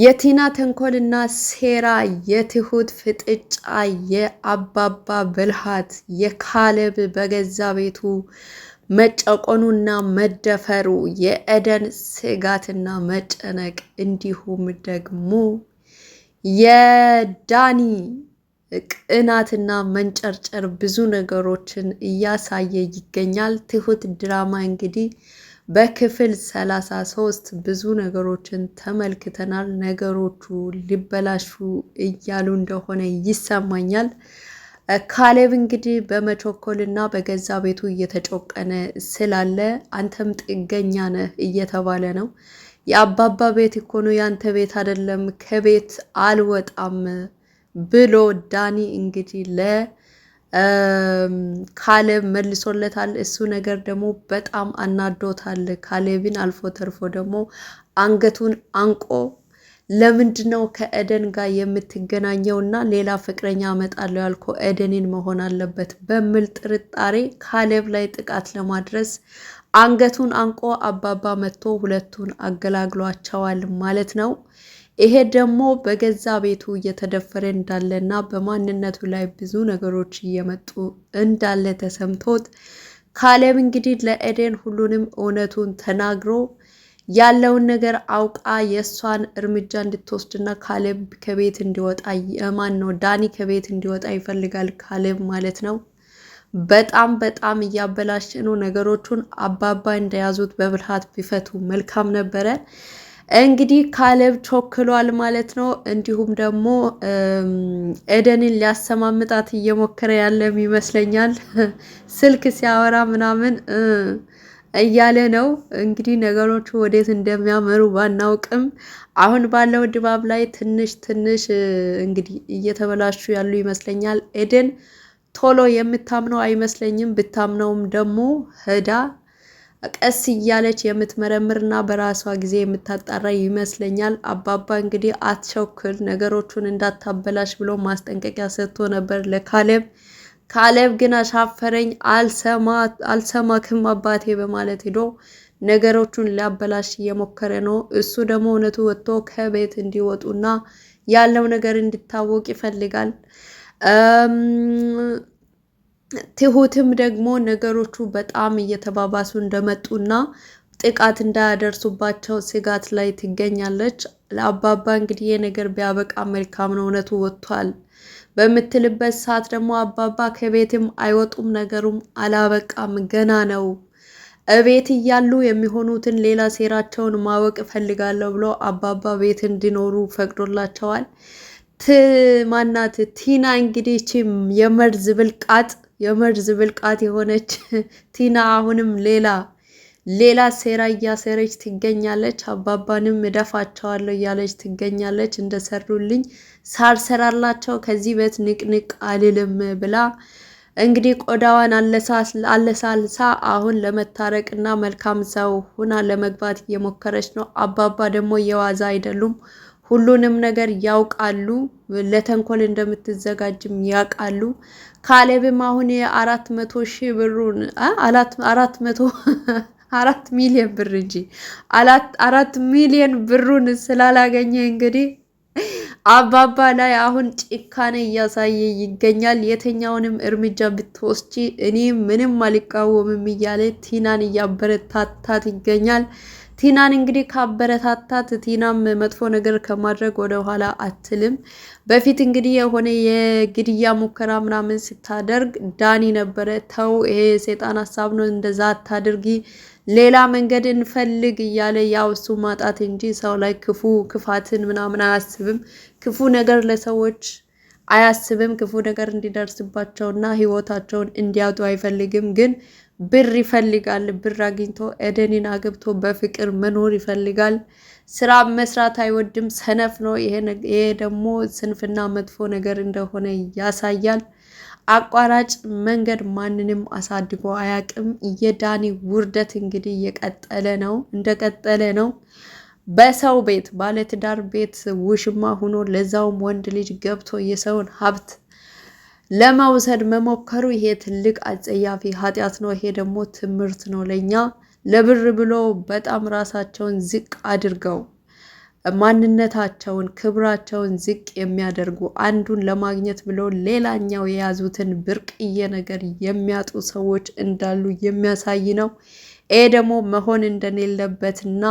የቲና ተንኮልና ሴራ፣ የትሁት ፍጥጫ፣ የአባባ ብልሃት፣ የካለብ በገዛ ቤቱ መጨቆኑና መደፈሩ፣ የኤደን ስጋትና መጨነቅ እንዲሁም ደግሞ የዳኒ ቅናትና መንጨርጨር ብዙ ነገሮችን እያሳየ ይገኛል። ትሁት ድራማ እንግዲህ በክፍል 33 ብዙ ነገሮችን ተመልክተናል። ነገሮቹ ሊበላሹ እያሉ እንደሆነ ይሰማኛል። ካሌብ እንግዲህ በመቸኮልና በገዛ ቤቱ እየተጮቀነ ስላለ አንተም ጥገኛ ነህ እየተባለ ነው። የአባባ ቤት እኮ ነው ያንተ ቤት አይደለም፣ ከቤት አልወጣም ብሎ ዳኒ እንግዲህ ለ ካሌብ መልሶለታል። እሱ ነገር ደግሞ በጣም አናዶታል። ካሌብን አልፎ ተርፎ ደግሞ አንገቱን አንቆ ለምንድን ነው ከኤደን ጋር የምትገናኘው እና ሌላ ፍቅረኛ አመጣለሁ ያልኮ ኤደንን መሆን አለበት በሚል ጥርጣሬ ካሌብ ላይ ጥቃት ለማድረስ አንገቱን አንቆ አባባ መጥቶ ሁለቱን አገላግሏቸዋል ማለት ነው። ይሄ ደግሞ በገዛ ቤቱ እየተደፈረ እንዳለ እና በማንነቱ ላይ ብዙ ነገሮች እየመጡ እንዳለ ተሰምቶት ካሌብ እንግዲህ ለኤደን ሁሉንም እውነቱን ተናግሮ ያለውን ነገር አውቃ የእሷን እርምጃ እንድትወስድና ካሌብ ከቤት እንዲወጣ የማን ነው ዳኒ ከቤት እንዲወጣ ይፈልጋል ካሌብ ማለት ነው። በጣም በጣም እያበላሸ ነው ነገሮቹን። አባባ እንደያዙት በብልሃት ቢፈቱ መልካም ነበረ። እንግዲህ ካለብ ቾክሏል ማለት ነው። እንዲሁም ደግሞ ኤደንን ሊያሰማምጣት እየሞከረ ያለም ይመስለኛል። ስልክ ሲያወራ ምናምን እያለ ነው። እንግዲህ ነገሮቹ ወዴት እንደሚያመሩ ባናውቅም አሁን ባለው ድባብ ላይ ትንሽ ትንሽ እንግዲህ እየተበላሹ ያሉ ይመስለኛል። ኤደን ቶሎ የምታምነው አይመስለኝም። ብታምነውም ደግሞ ህዳ ቀስ እያለች የምትመረምርና በራሷ ጊዜ የምታጣራ ይመስለኛል። አባባ እንግዲህ አትቸኩል፣ ነገሮቹን እንዳታበላሽ ብሎ ማስጠንቀቂያ ሰጥቶ ነበር ለካሌብ። ካሌብ ግን አሻፈረኝ፣ አልሰማክም አባቴ በማለት ሄዶ ነገሮቹን ሊያበላሽ እየሞከረ ነው። እሱ ደግሞ እውነቱ ወጥቶ ከቤት እንዲወጡና ያለው ነገር እንዲታወቅ ይፈልጋል። ትሁትም ደግሞ ነገሮቹ በጣም እየተባባሱ እንደመጡና ጥቃት እንዳያደርሱባቸው ስጋት ላይ ትገኛለች። ለአባባ እንግዲህ የነገር ነገር ቢያበቃ መልካም ነው፣ እውነቱ ወጥቷል በምትልበት ሰዓት ደግሞ አባባ ከቤትም አይወጡም፣ ነገሩም አላበቃም፣ ገና ነው። እቤት እያሉ የሚሆኑትን ሌላ ሴራቸውን ማወቅ እፈልጋለሁ ብሎ አባባ ቤት እንዲኖሩ ፈቅዶላቸዋል። ማናት ቲና እንግዲህ ቺም የመርዝ ብልቃጥ የመርዝ ብልቃት የሆነች ቲና አሁንም ሌላ ሌላ ሴራ እያሴረች ትገኛለች። አባባንም እደፋቸዋለሁ እያለች ትገኛለች። እንደሰሩልኝ ሳልሰራላቸው ከዚህ ቤት ንቅንቅ አልልም ብላ እንግዲህ ቆዳዋን አለሳልሳ አሁን ለመታረቅ እና መልካም ሰው ሁና ለመግባት እየሞከረች ነው። አባባ ደግሞ የዋዛ አይደሉም። ሁሉንም ነገር ያውቃሉ። ለተንኮል እንደምትዘጋጅም ያውቃሉ። ካሌብም አሁን የአራት መቶ ሺህ ብሩን አራት መቶ አራት ሚሊዮን ብር እንጂ አራት ሚሊዮን ብሩን ስላላገኘ እንግዲህ አባባ ላይ አሁን ጭካኔ እያሳየ ይገኛል። የትኛውንም እርምጃ ብትወስጂ እኔ ምንም አልቃወምም እያለ ቲናን እያበረታታት ይገኛል። ቲናን እንግዲህ ካበረታታት ቲናም መጥፎ ነገር ከማድረግ ወደ ኋላ አትልም። በፊት እንግዲህ የሆነ የግድያ ሙከራ ምናምን ስታደርግ ዳኒ ነበረ ተው፣ ይሄ የሰይጣን ሀሳብ ነው፣ እንደዛ አታድርጊ፣ ሌላ መንገድ እንፈልግ እያለ ያው እሱ ማጣት እንጂ ሰው ላይ ክፉ ክፋትን ምናምን አያስብም። ክፉ ነገር ለሰዎች አያስብም። ክፉ ነገር እንዲደርስባቸውና ህይወታቸውን እንዲያጡ አይፈልግም። ግን ብር ይፈልጋል። ብር አግኝቶ ኤደንን አግብቶ በፍቅር መኖር ይፈልጋል። ስራ መስራት አይወድም፣ ሰነፍ ነው። ይሄ ደግሞ ስንፍና መጥፎ ነገር እንደሆነ ያሳያል። አቋራጭ መንገድ ማንንም አሳድጎ አያቅም። የዳኒ ውርደት እንግዲህ እየቀጠለ ነው እንደቀጠለ ነው። በሰው ቤት ባለትዳር ቤት ውሽማ ሆኖ ለዛውም ወንድ ልጅ ገብቶ የሰውን ሀብት ለመውሰድ መሞከሩ ይሄ ትልቅ አጸያፊ ኃጢአት ነው። ይሄ ደግሞ ትምህርት ነው ለእኛ። ለብር ብሎ በጣም ራሳቸውን ዝቅ አድርገው ማንነታቸውን፣ ክብራቸውን ዝቅ የሚያደርጉ አንዱን ለማግኘት ብሎ ሌላኛው የያዙትን ብርቅዬ ነገር የሚያጡ ሰዎች እንዳሉ የሚያሳይ ነው። ይሄ ደግሞ መሆን እንደሌለበትና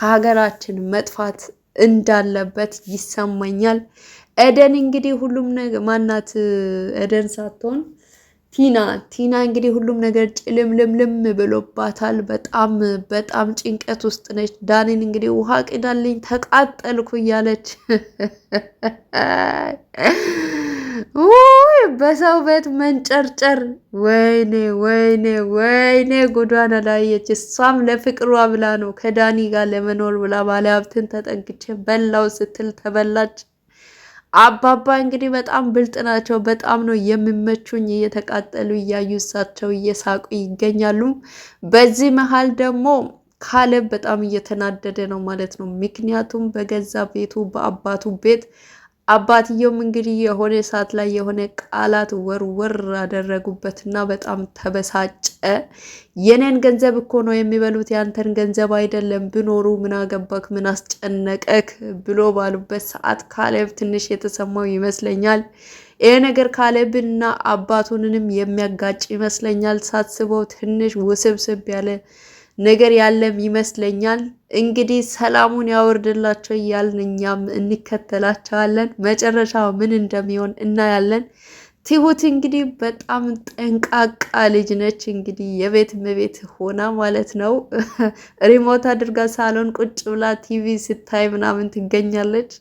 ከሀገራችን መጥፋት እንዳለበት ይሰማኛል። ኤደን እንግዲህ ሁሉም ነገር ማናት ኤደን ሳትሆን ቲና ቲና እንግዲህ ሁሉም ነገር ጭልምልምልም ብሎባታል። በጣም በጣም ጭንቀት ውስጥ ነች። ዳኒን እንግዲህ ውሃ ቅዳልኝ ተቃጠልኩ እያለች በሰው ቤት መንጨርጨር። ወይኔ ወይኔ ወይኔ ጎዳና ላየች እሷም ለፍቅሯ ብላ ነው ከዳኒ ጋር ለመኖር ብላ ባለሀብትን ተጠግቼ በላው ስትል ተበላች። አባባ እንግዲህ በጣም ብልጥ ናቸው። በጣም ነው የሚመቹኝ። እየተቃጠሉ እያዩ እሳቸው እየሳቁ ይገኛሉ። በዚህ መሀል ደግሞ ካለብ በጣም እየተናደደ ነው ማለት ነው። ምክንያቱም በገዛ ቤቱ በአባቱ ቤት አባትየውም እንግዲህ የሆነ ሰዓት ላይ የሆነ ቃላት ወርወር አደረጉበትና በጣም ተበሳጨ። የኔን ገንዘብ እኮ ነው የሚበሉት ያንተን ገንዘብ አይደለም፣ ብኖሩ ምን አገባክ፣ ምን አስጨነቀክ ብሎ ባሉበት ሰዓት ካሌብ ትንሽ የተሰማው ይመስለኛል። ይሄ ነገር ካሌብንና አባቱንንም የሚያጋጭ ይመስለኛል። ሳስበው ትንሽ ውስብስብ ያለ ነገር ያለም ይመስለኛል። እንግዲህ ሰላሙን ያወርድላቸው እያልን እኛም እንከተላቸዋለን። መጨረሻው ምን እንደሚሆን እናያለን። ትሁት እንግዲህ በጣም ጠንቃቃ ልጅ ነች። እንግዲህ የቤት እመቤት ሆና ማለት ነው። ሪሞት አድርጋ ሳሎን ቁጭ ብላ ቲቪ ስታይ ምናምን ትገኛለች።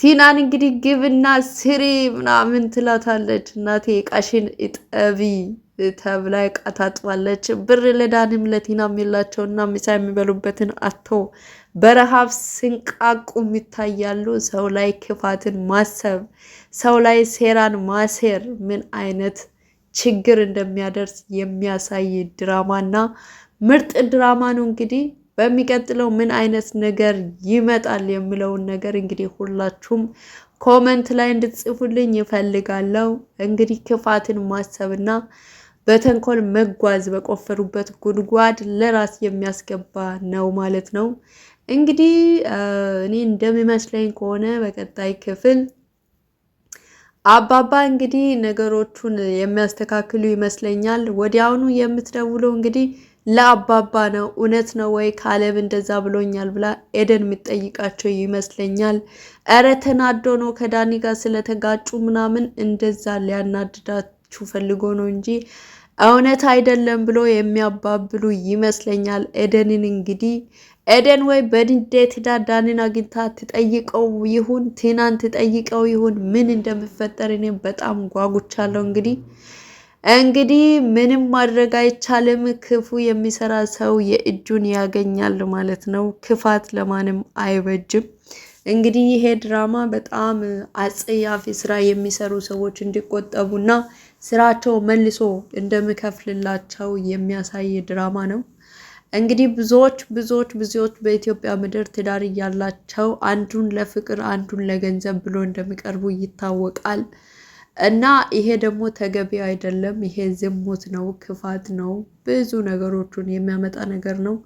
ቲናን እንግዲህ ግብና ስሪ ምናምን ትላታለች። እናቴ ቃሽን እጠቢ ተብላ ዕቃ ታጥባለች። ብር ለዳንም ለቲናም እና ምሳ የሚበሉበትን አቶ በረሃብ ስንቃቁ የሚታያሉ። ሰው ላይ ክፋትን ማሰብ፣ ሰው ላይ ሴራን ማሴር ምን አይነት ችግር እንደሚያደርስ የሚያሳይ ድራማና ምርጥ ድራማ ነው። እንግዲህ በሚቀጥለው ምን አይነት ነገር ይመጣል የሚለውን ነገር እንግዲህ ሁላችሁም ኮመንት ላይ እንድትጽፉልኝ ይፈልጋለሁ። እንግዲህ ክፋትን ማሰብና በተንኮል መጓዝ በቆፈሩበት ጉድጓድ ለራስ የሚያስገባ ነው ማለት ነው። እንግዲህ እኔ እንደሚመስለኝ ከሆነ በቀጣይ ክፍል አባባ እንግዲህ ነገሮቹን የሚያስተካክሉ ይመስለኛል። ወዲያውኑ የምትደውለው እንግዲህ ለአባባ ነው። እውነት ነው ወይ ካለብ እንደዛ ብሎኛል ብላ ኤደን የሚጠይቃቸው ይመስለኛል። እረ ተናዶ ነው ከዳኒ ጋር ስለተጋጩ ምናምን እንደዛ ሊያናድዳት ሊያሳያችሁ ፈልጎ ነው እንጂ እውነት አይደለም ብሎ የሚያባብሉ ይመስለኛል። ኤደንን እንግዲህ ኤደን ወይ በንዴት ሄዳ ዳንን አግኝታ ትጠይቀው ይሁን ቲናን ትጠይቀው ይሁን ምን እንደሚፈጠር እኔም በጣም ጓጉቻለሁ። እንግዲህ እንግዲህ ምንም ማድረግ አይቻልም። ክፉ የሚሰራ ሰው የእጁን ያገኛል ማለት ነው። ክፋት ለማንም አይበጅም። እንግዲህ ይሄ ድራማ በጣም አጸያፊ ስራ የሚሰሩ ሰዎች እንዲቆጠቡና ስራቸው መልሶ እንደምከፍልላቸው የሚያሳይ ድራማ ነው። እንግዲህ ብዙዎች ብዙዎች ብዙዎች በኢትዮጵያ ምድር ትዳር እያላቸው አንዱን ለፍቅር አንዱን ለገንዘብ ብሎ እንደሚቀርቡ ይታወቃል። እና ይሄ ደግሞ ተገቢ አይደለም። ይሄ ዝሙት ነው፣ ክፋት ነው፣ ብዙ ነገሮችን የሚያመጣ ነገር ነው።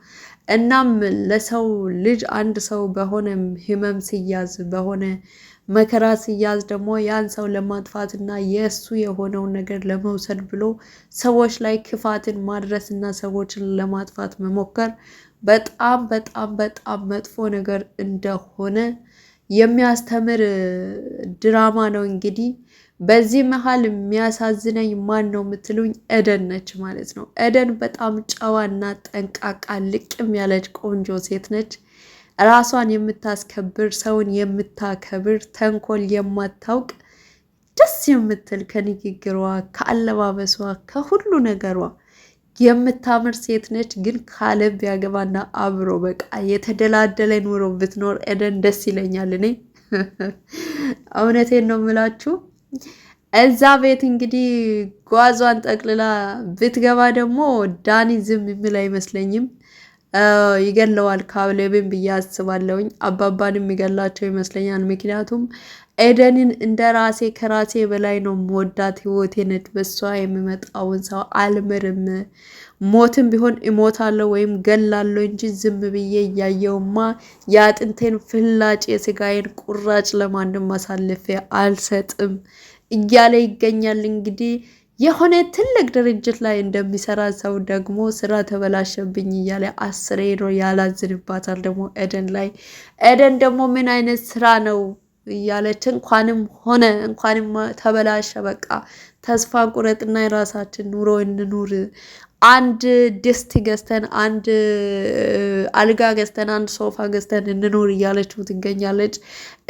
እናም ለሰው ልጅ አንድ ሰው በሆነ ህመም ሲያዝ፣ በሆነ መከራ ሲያዝ ደግሞ ያን ሰው ለማጥፋት እና የእሱ የሆነውን ነገር ለመውሰድ ብሎ ሰዎች ላይ ክፋትን ማድረስ እና ሰዎችን ለማጥፋት መሞከር በጣም በጣም በጣም መጥፎ ነገር እንደሆነ የሚያስተምር ድራማ ነው እንግዲህ በዚህ መሀል የሚያሳዝነኝ ማን ነው የምትሉኝ? ኤደን ነች ማለት ነው። ኤደን በጣም ጨዋና ጠንቃቃ ልቅም ያለች ቆንጆ ሴት ነች። ራሷን የምታስከብር፣ ሰውን የምታከብር፣ ተንኮል የማታውቅ ደስ የምትል ከንግግሯ፣ ከአለባበሷ፣ ከሁሉ ነገሯ የምታምር ሴት ነች። ግን ካለብ ያገባና አብሮ በቃ የተደላደለ ኑሮ ብትኖር ኤደን ደስ ይለኛል። እኔ እውነቴን ነው የምላችሁ እዛ ቤት እንግዲህ ጓዟን ጠቅልላ ብትገባ ደግሞ ዳኒ ዝም የሚል አይመስለኝም። ይገለዋል ካብሌብን ብዬ አስባለሁኝ። አባባንም የሚገላቸው ይመስለኛል። ምክንያቱም ኤደንን እንደ ራሴ ከራሴ በላይ ነው ወዳት ህይወቴ ነች፣ በሷ የሚመጣውን ሰው አልምርም ሞትም ቢሆን እሞታለሁ ወይም ገላለሁ እንጂ ዝም ብዬ እያየውማ የአጥንቴን ፍላጭ የስጋዬን ቁራጭ ለማንም አሳልፌ አልሰጥም እያለ ይገኛል። እንግዲህ የሆነ ትልቅ ድርጅት ላይ እንደሚሰራ ሰው ደግሞ ስራ ተበላሸብኝ እያለ አስሬ ነው ያላዝንባታል። ደግሞ ኤደን ላይ ኤደን ደግሞ ምን አይነት ስራ ነው እያለች እንኳንም ሆነ እንኳንም ተበላሸ በቃ ተስፋ ቁረጥና የራሳችን ኑሮ እንኑር። አንድ ድስት ገዝተን አንድ አልጋ ገዝተን አንድ ሶፋ ገዝተን እንኖር እያለችው ትገኛለች።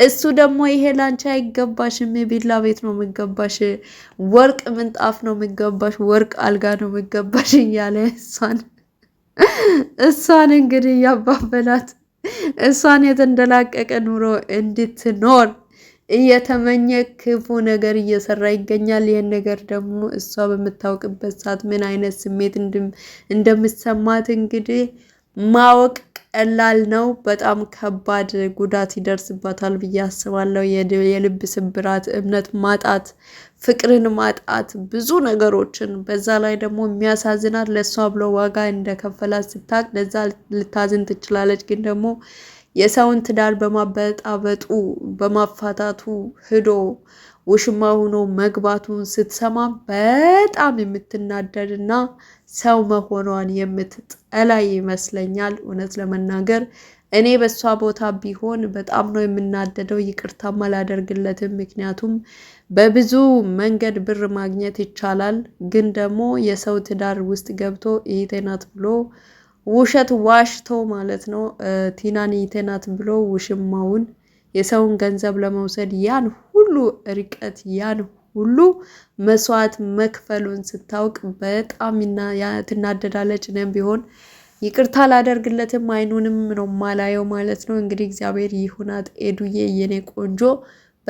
እሱ ደግሞ ይሄ ላንቺ አይገባሽም፣ ቢላ ቤት ነው ምገባሽ ወርቅ ምንጣፍ ነው የሚገባሽ፣ ወርቅ አልጋ ነው የሚገባሽ እያለ እሷን እሷን እንግዲህ እያባበላት እሷን የተንደላቀቀ ኑሮ እንድትኖር እየተመኘ ክፉ ነገር እየሰራ ይገኛል። ይህን ነገር ደግሞ እሷ በምታውቅበት ሰዓት ምን አይነት ስሜት እንደምሰማት እንግዲህ ማወቅ ቀላል ነው። በጣም ከባድ ጉዳት ይደርስባታል ብዬ አስባለሁ። የልብ ስብራት፣ እምነት ማጣት፣ ፍቅርን ማጣት፣ ብዙ ነገሮችን በዛ ላይ ደግሞ የሚያሳዝናት ለእሷ ብሎ ዋጋ እንደከፈላት ስታቅ ለዛ ልታዝን ትችላለች ግን ደግሞ የሰውን ትዳር በማበጣበጡ በማፋታቱ ሂዶ ውሽማ ሆኖ መግባቱን ስትሰማ በጣም የምትናደድና ሰው መሆኗን የምትጠላ ይመስለኛል። እውነት ለመናገር እኔ በእሷ ቦታ ቢሆን በጣም ነው የምናደደው። ይቅርታም አላደርግለትም። ምክንያቱም በብዙ መንገድ ብር ማግኘት ይቻላል። ግን ደግሞ የሰው ትዳር ውስጥ ገብቶ ይሄ ናት ብሎ ውሸት ዋሽቶ ማለት ነው ቲናን ይተናት ብሎ ውሽማውን የሰውን ገንዘብ ለመውሰድ ያን ሁሉ ርቀት ያን ሁሉ መስዋዕት መክፈሉን ስታውቅ በጣም ትናደዳለች። እኔም ቢሆን ይቅርታ አላደርግለትም፣ አይኑንም ነው ማላየው ማለት ነው። እንግዲህ እግዚአብሔር ይሁናት ኤዱዬ፣ የኔ ቆንጆ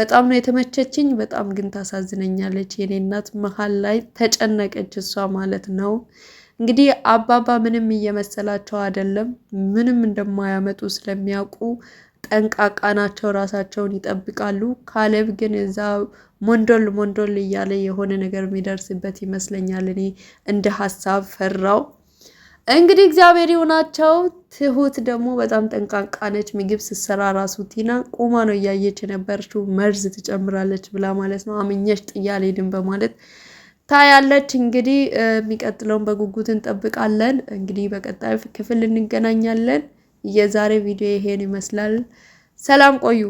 በጣም ነው የተመቸችኝ። በጣም ግን ታሳዝነኛለች የኔ እናት። መሀል ላይ ተጨነቀች እሷ ማለት ነው። እንግዲህ አባባ ምንም እየመሰላቸው አይደለም። ምንም እንደማያመጡ ስለሚያውቁ ጠንቃቃ ናቸው፣ ራሳቸውን ይጠብቃሉ። ካሌብ ግን እዛ ሞንዶል ሞንዶል እያለ የሆነ ነገር የሚደርስበት ይመስለኛል። እኔ እንደ ሀሳብ ፈራው። እንግዲህ እግዚአብሔር ይሆናቸው። ትሁት ደግሞ በጣም ጠንቃቃ ነች። ምግብ ስትሰራ ራሱ ቲና ቆማ ነው እያየች የነበረችው። መርዝ ትጨምራለች ብላ ማለት ነው። አምኜሽ ጥዬ አልሄድም በማለት ታያለች። እንግዲህ የሚቀጥለውን በጉጉት እንጠብቃለን። እንግዲህ በቀጣዩ ክፍል እንገናኛለን። የዛሬ ቪዲዮ ይሄን ይመስላል። ሰላም ቆዩ።